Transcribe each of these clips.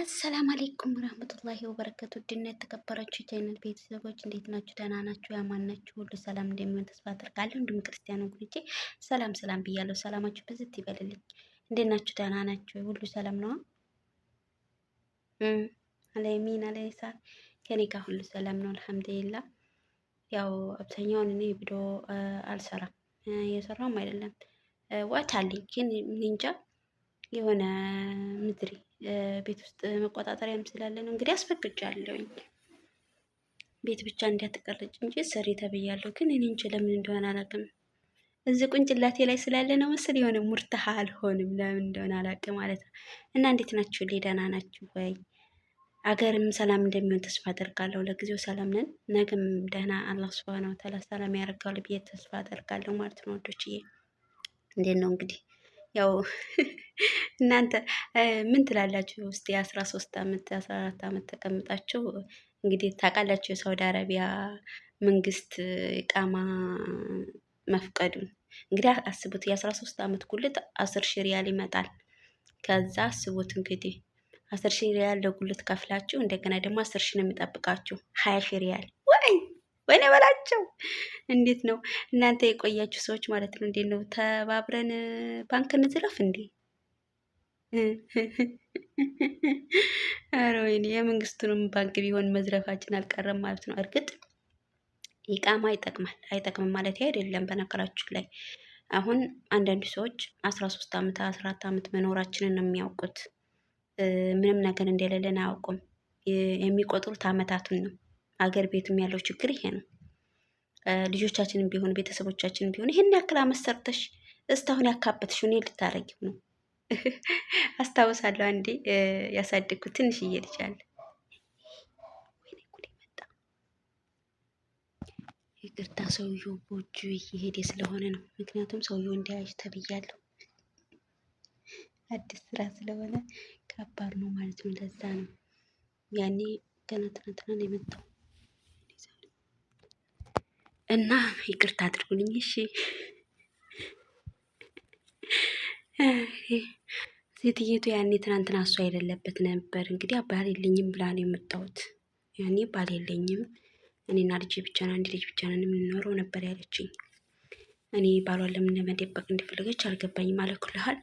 አሰላም አሌይኩም ረህመቱላሂ ወበረከቱ ድና የተከበራችሁ የቻይናል ቤተሰቦች እንዴት ናችሁ? ደህና ናችሁ? ያማን ናችሁ? ሁሉ ሰላም እንደሚሆን ተስፋ አደርጋለሁ። እንዲሁም ክርስቲያን ወገኖቼ ሰላም ሰላም ብያለሁ። ሰላማችሁ ብዝት ይበልልኝ። እንዴት ናችሁ? ደህና ናችሁ? ሁሉ ሰላም ነዋ። አለሚን አለሳ ከኔ ጋር ሁሉ ሰላም ነው፣ አልሐምዱሊላ። ያው አብዛኛውን እኔ ቪዲዮ አልሰራም፣ እየሰራም አይደለም። ዋች ግን እንጃ የሆነ ምድሪ ቤት ውስጥ መቆጣጠሪያም ስላለ ነው እንግዲህ አስፈቅጃለሁኝ። ቤት ብቻ እንዲያትቀረጭ እንጂ ስሪ ተብያለሁ። ግን እኔ እንጂ ለምን እንደሆነ አላውቅም። እዚህ ቁንጭላቴ ላይ ስላለ ነው መሰል የሆነ ሙርታህ አልሆንም። ለምን እንደሆነ አላውቅም ማለት ነው። እና እንዴት ናችሁ? ደህና ናችሁ ወይ? አገርም ሰላም እንደሚሆን ተስፋ አደርጋለሁ። ለጊዜው ሰላም ነን። ነገም ደህና አላህ ሱብሃነሁ ወተዓላ ሰላም ያደርጋል ብዬ ተስፋ አደርጋለሁ ማለት ነው። ወዶችዬ እንዴት ነው እንግዲህ ያው እናንተ ምን ትላላችሁ? ውስጥ የአስራ ሶስት አመት የአስራ አራት አመት ተቀምጣችሁ እንግዲህ ታውቃላችሁ የሳውዲ አረቢያ መንግስት ቃማ መፍቀዱን እንግዲህ አስቡት። የአስራ ሶስት አመት ጉልት አስር ሺህ ሪያል ይመጣል። ከዛ አስቡት እንግዲህ አስር ሺህ ሪያል ለጉልት ከፍላችሁ እንደገና ደግሞ አስር ሺህ ነው የሚጠብቃችሁ ሀያ ሺህ ሪያል ወይ ወይኔ በላቸው። እንዴት ነው እናንተ የቆያችሁ ሰዎች ማለት ነው? እንዴት ነው ተባብረን ባንክ እንዝረፍ እንዴ? አረ ወይኔ የመንግስቱንም ባንክ ቢሆን መዝረፋችን አልቀረም ማለት ነው። እርግጥ ይቃማ ይጠቅማል አይጠቅምም ማለት አይደለም። በነገራችሁ ላይ አሁን አንዳንዱ ሰዎች አስራ ሶስት አመት አስራ አራት አመት መኖራችንን ነው የሚያውቁት። ምንም ነገር እንደሌለን አያውቁም። የሚቆጥሩት አመታቱን ነው አገር ቤትም ያለው ችግር ይሄ ነው። ልጆቻችንም ቢሆን ቤተሰቦቻችንም ቢሆን ይህን ያክል አመት ሰርተሽ እስካሁን ያካበትሽ እኔ ልታረጊው ነው። አስታውሳለሁ አንዴ ያሳደግኩት ትንሽዬ ልጅ አለ ይቅርታ ሰውየው በእጁ እየሄደ ስለሆነ ነው። ምክንያቱም ሰውየው እንዲያዥ ተብያለሁ። አዲስ ስራ ስለሆነ ከባድ ነው ማለት ነው። ለዛ ነው ያኔ ገና ትናንትና ነው የመጣው። እና ይቅርታ አድርጉልኝ። እሺ ሴትየቱ ያኔ ትናንትና እሷ የሌለበት ነበር። እንግዲህ ባል የለኝም ብላ ነው የመጣሁት። ያኔ ባል የለኝም እኔና ልጅ ብቻ አንድ ልጅ ብቻ ነን የምንኖረው ነበር ያለችኝ። እኔ ባሏን ለምን ለመደበቅ እንደፈለገች አልገባኝም። አለኩልሃል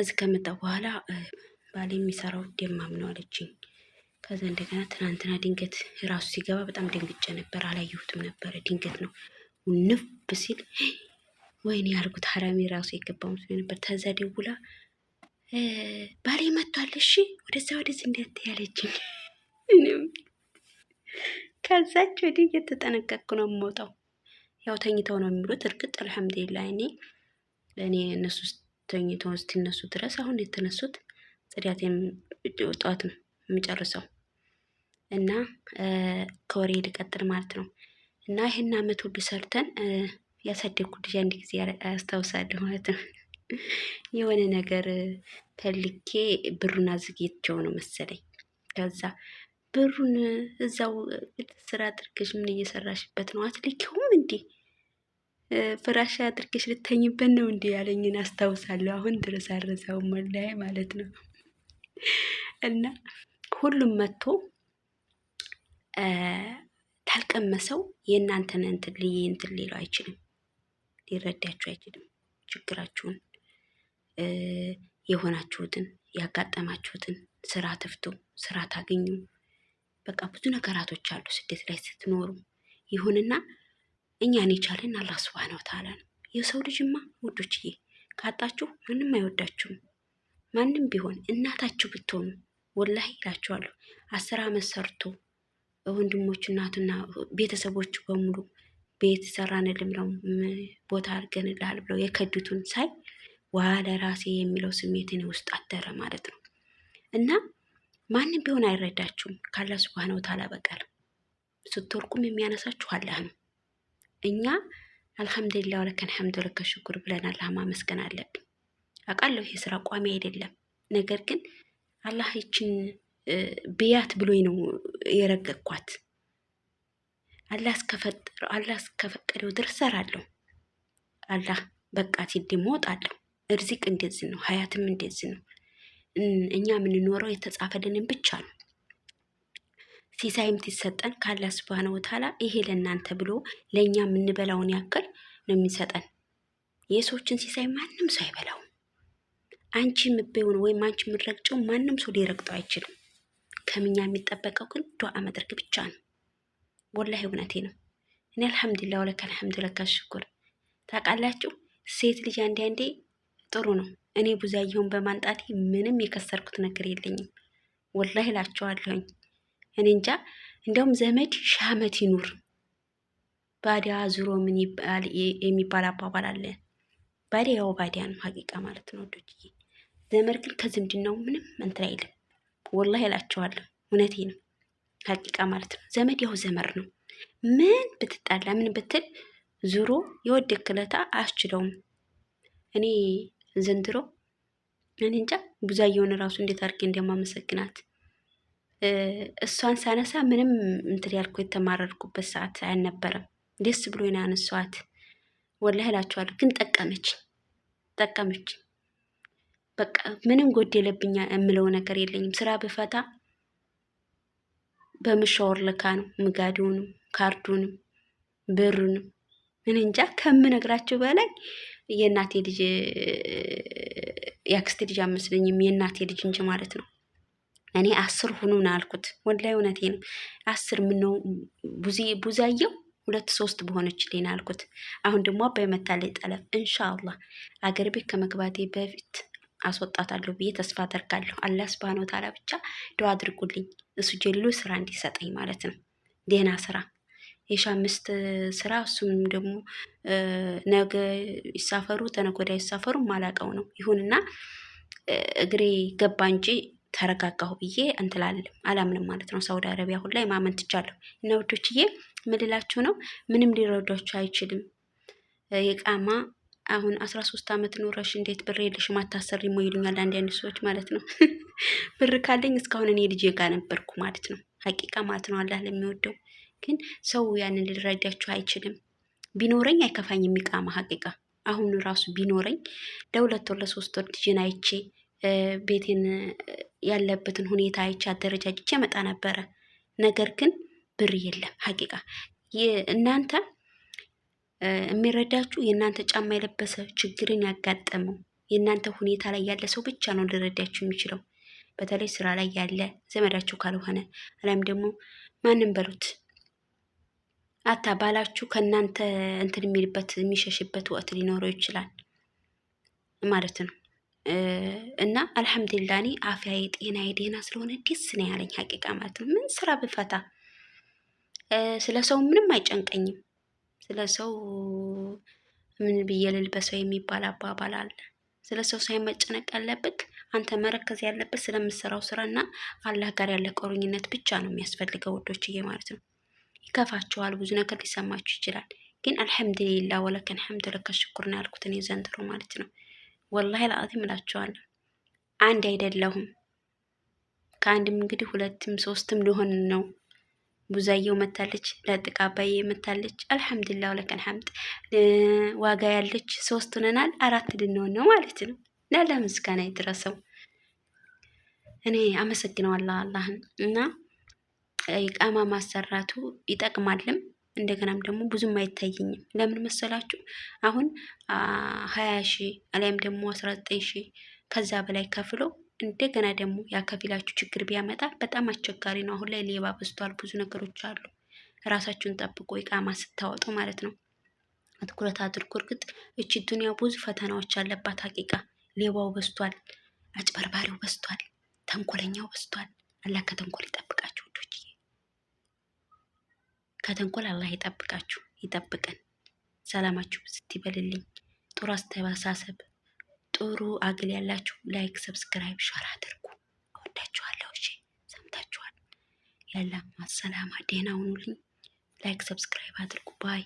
እዚህ ከመጣ በኋላ ባል የሚሰራው ደማም ነው አለችኝ። ከዛ እንደገና ትናንትና ድንገት ራሱ ሲገባ በጣም ደንግጬ ነበር። አላየሁትም ነበረ። ድንገት ነው ንፍ ሲል ወይኔ ያልኩት ሀራሜ ራሱ የገባው መስሎኝ ነበር። ተዛ ደውላ ባሌ መቷል፣ እሺ ወደዛ ወደዚህ እንዲያት ያለችኝ። እኔም ከዛች ወዲህ እየተጠነቀቅኩ ነው የምወጣው። ያው ተኝተው ነው የሚሉት። እርግጥ አልሐምዱሊላ እኔ እኔ እነሱ ተኝተው እስኪነሱ ድረስ አሁን የተነሱት ጽዳቴን ጠዋት ነው የምጨርሰው። እና ከወሬ ልቀጥል ማለት ነው። እና ይህን አመት ሁሉ ሰርተን ያሳደግኩት ልጅ አንድ ጊዜ አስታውሳለሁ ማለት ነው። የሆነ ነገር ፈልጌ ብሩን አዘግይቼው ነው መሰለኝ ከዛ ብሩን እዛው ስራ አድርገሽ ምን እየሰራሽበት ነው አትልኪውም እንዴ? ፍራሽ አድርገሽ ልተኝበት ነው እንዴ ያለኝን አስታውሳለሁ። አሁን ድረስ አልረሳውም ወላሂ ማለት ነው። እና ሁሉም መጥቶ ታልቀመሰው የእናንተን እንትን ልዬ እንትን ሌለው አይችልም፣ ሊረዳችሁ አይችልም። ችግራችሁን የሆናችሁትን ያጋጠማችሁትን ስራ ትፍቱ፣ ስራ ታገኙ። በቃ ብዙ ነገራቶች አሉ ስደት ላይ ስትኖሩ። ይሁንና እኛን የቻለን አላህ ሱብሃነሁ ወተዓላ ነው። የሰው ልጅማ ውዶችዬ ካጣችሁ ማንም አይወዳችሁም። ማንም ቢሆን እናታችሁ ብትሆኑ ወላሂ ይላችኋለሁ አስር አመት ሰርቶ ወንድሞች እናትና ቤተሰቦች በሙሉ ቤት ሰራንልም ነው ቦታ አድርገንልሃል ብለው የከዱትን ሳይ ዋለ ራሴ የሚለው ስሜትን ውስጥ አደረ ማለት ነው። እና ማንም ቢሆን አይረዳችሁም ካለ ስብሃነ ወተዓላ በቀር ስትወርቁም የሚያነሳችሁ አላህ ነው። እኛ አልሐምዱሊላ ወለከን ሐምድ ወለከን ሽኩር ብለን አላህ ማመስገን አለብን። አውቃለሁ ይሄ ስራ ቋሚ አይደለም፣ ነገር ግን አላህ ይችን ብያት ብሎኝ ነው የረገኳት። አላህ እስከፈጠረው አላህ እስከፈቀደው ድረስ እሰራለሁ። አላህ በቃ ሲል ደግሞ እወጣለሁ። እርዚቅ እንደዚህ ነው፣ ሀያትም እንደዚህ ነው። እኛ የምንኖረው የተጻፈልንን ብቻ ነው። ሲሳይም ሲሰጠን ካላ ስብሃነ ወተዓላ ይሄ ለእናንተ ብሎ ለእኛ የምንበላውን ያክል ነው የሚሰጠን። የሰዎችን ሲሳይ ማንም ሰው አይበላውም። አንቺ የምትበይውን ወይም አንቺ የምትረግጨው ማንም ሰው ሊረግጠው አይችልም። ከምኛ የሚጠበቀው ግን ዱዓ ማድረግ ብቻ ነው። ወላሂ እውነቴ ነው። እኔ አልሐምዱሊላህ ወለከ አልሐምዱ ለካ ታውቃላችሁ ሴት ልጅ አንዴ አንዴ ጥሩ ነው። እኔ ቡዛየሁን በማንጣቴ ምንም የከሰርኩት ነገር የለኝም። ወላሂ እላቸዋለሁኝ። እኔ እንጃ እንዲያውም ዘመድ ሺህ ዓመት ይኑር ባዲያ ዙሮ ምን ይባል የሚባል አባባል አለ። ባዲያ ያው ባዲያ ነው ሀቂቃ ማለት ነው ወዶችዬ። ዘመድ ግን ከዝምድናው ምንም እንትን አይልም። ወላሂ እላቸዋለሁ። እውነቴ ነው፣ ሀቂቃ ማለት ነው። ዘመድ ያው ዘመር ነው። ምን ብትጣላ ምን ብትል ዙሮ የወደክለታ አያስችለውም። እኔ ዘንድሮ እኔ እንጃ ቡዛየውን ራሱ እንዴት አድርጌ እንደማመሰግናት እሷን ሳነሳ ምንም እንትን ያልኩ የተማረርኩበት ሰዓት አልነበረም። ደስ ብሎ አነሷት። ወላሂ እላቸዋለሁ። ግን ጠቀመች ጠቀመች። በቃ ምንም ጎደለብኝ የምለው ነገር የለኝም። ስራ ብፈታ በምሻወር ልካ ነው ምጋዴውንም ካርዱንም ብሩንም ምን እንጃ ከምነግራችሁ በላይ የእናቴ ልጅ የአክስቴ ልጅ አመስለኝም የእናቴ ልጅ እንጂ ማለት ነው። እኔ አስር ሁኑን አልኩት። ወላሂ እውነቴ ነው። አስር ምነው ቡዛየው ሁለት ሶስት በሆነች ሌና አልኩት። አሁን ደግሞ አባይ መታለይ ጠለብ አላህ አገር ቤት ከመግባቴ በፊት አስወጣታለሁ ብዬ ተስፋ አደርጋለሁ። አላህ ሱብሃነሁ ወተዓላ ብቻ ዱዓ አድርጉልኝ እሱ ጀሉ ስራ እንዲሰጠኝ ማለት ነው። ደህና ስራ የሻ አምስት ስራ እሱም ደግሞ ነገ ይሳፈሩ ተነጎዳ ይሳፈሩ ማላቀው ነው። ይሁንና እግሬ ገባ እንጂ ተረጋጋሁ ብዬ እንትላለም አላምንም ማለት ነው። ሳውዲ አረቢያ አሁን ላይ ማመን ትቻለሁ። እና ውዶችዬ ምልላችሁ ነው ምንም ሊረዷችሁ አይችልም የቃማ አሁን አስራ ሶስት አመት ኖረሽ እንዴት ብር የለሽም አታሰሪም ወይ ይሉኛል አንድ አንዳንድ ሰዎች ማለት ነው። ብር ካለኝ እስካሁን እኔ ልጄ ጋር ነበርኩ ማለት ነው። ሀቂቃ ማለት ነው። አላህ ለሚወደው ግን ሰው ያንን ሊረዳችሁ አይችልም። ቢኖረኝ አይከፋኝ የሚቃማ ሀቂቃ አሁን ራሱ ቢኖረኝ ለሁለት ወር ለሶስት ወር ልጄን አይቼ ቤቴን ያለበትን ሁኔታ አይቼ አደረጃጅቼ መጣ ነበረ። ነገር ግን ብር የለም ሀቂቃ እናንተ የሚረዳችሁ የእናንተ ጫማ የለበሰ ችግርን ያጋጠመው የእናንተ ሁኔታ ላይ ያለ ሰው ብቻ ነው ሊረዳችሁ የሚችለው። በተለይ ስራ ላይ ያለ ዘመዳችሁ ካልሆነ አላም ደግሞ ማንም በሉት አታ ባላችሁ ከእናንተ እንትን የሚልበት የሚሸሽበት ወቅት ሊኖረው ይችላል ማለት ነው። እና አልሐምዱሊላ እኔ አፍያ የጤና የደህና ስለሆነ ደስ ነው ያለኝ ሀቂቃ ማለት ነው። ምን ስራ ብፈታ ስለ ሰው ምንም አይጨንቀኝም። ስለ ሰው ምን ብዬ ልልበሰው የሚባል አባባል አለ። ስለ ሰው ሳይ መጨነቅ ያለብህ አንተ መረከዝ ያለበት ስለምሰራው ስራ እና አላህ ጋር ያለ ቆርኝነት ብቻ ነው የሚያስፈልገው ውዶችዬ ማለት ነው። ይከፋችኋል፣ ብዙ ነገር ሊሰማችሁ ይችላል። ግን አልሐምድሊላ ወለከን ሐምድ ለከ ሽኩር ነው ያልኩት እኔ ዘንድሮ ማለት ነው። ወላሂ ለአት እላችኋለሁ አንድ አይደለሁም ከአንድም እንግዲህ ሁለትም ሶስትም ሊሆን ነው ቡዛየው መታለች፣ ለጥቃ አባዬ መታለች። አልሐምዱሊላህ ወለከን ሐምድ ዋጋ ያለች ሶስት ሆነናል፣ አራት ልንሆን ነው ማለት ነው። ለአላህ ምስጋና ይድረሰው። እኔ አመሰግነዋለሁ አላህን እና ቃማ ማሰራቱ ይጠቅማልም እንደገናም ደግሞ ብዙም አይታየኝም። ለምን መሰላችሁ? አሁን ሀያ ሺህ አሊያም ደግሞ አስራ ዘጠኝ ሺህ ከዛ በላይ ከፍለው እንደገና ደግሞ ያከፊላችሁ ችግር ቢያመጣ በጣም አስቸጋሪ ነው። አሁን ላይ ሌባ በዝቷል። ብዙ ነገሮች አሉ። ራሳችሁን ጠብቆ ይቃማ ስታወጡ ማለት ነው። ትኩረት አድርጎ እርግጥ እቺ ዱኒያ ብዙ ፈተናዎች አለባት። ሀቂቃ ሌባው በዝቷል፣ አጭበርባሪው በዝቷል፣ ተንኮለኛው በዝቷል። አላህ ከተንኮል ይጠብቃችሁ ውዶች፣ ከተንኮል አላህ ይጠብቃችሁ፣ ይጠብቀን። ሰላማችሁ ስትበልልኝ ይበልልኝ። ጥሩ አስተሳሰብ ጥሩ አግል ያላችሁ ላይክ፣ ሰብስክራይብ፣ ሸር አድርጉ። እወዳችኋለሁ። እሺ ሰምታችኋል። ያላ ማሰላማ፣ ደህና ሁኑልኝ። ላይክ፣ ሰብስክራይብ አድርጉ። ባይ